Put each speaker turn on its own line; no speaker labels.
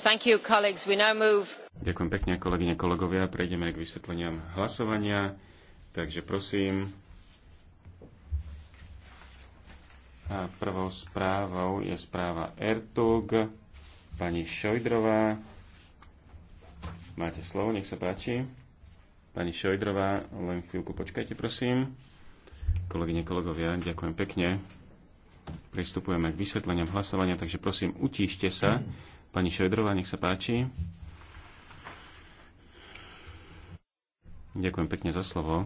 Ďakujem
pekne, kolegyne, kolegovia. Prejdeme k vysvetleniam hlasovania. Takže prosím. A prvou správou je správa Ertug. Pani Šojdrová. Máte slovo, nech sa páči. Pani Šojdrová, len chvíľku počkajte, prosím. Kolegyne, kolegovia, ďakujem pekne. Pristupujeme k vysvetleniam hlasovania, takže prosím, utíšte sa. Pani Šedrová, nech sa páči. Ďakujem pekne za slovo.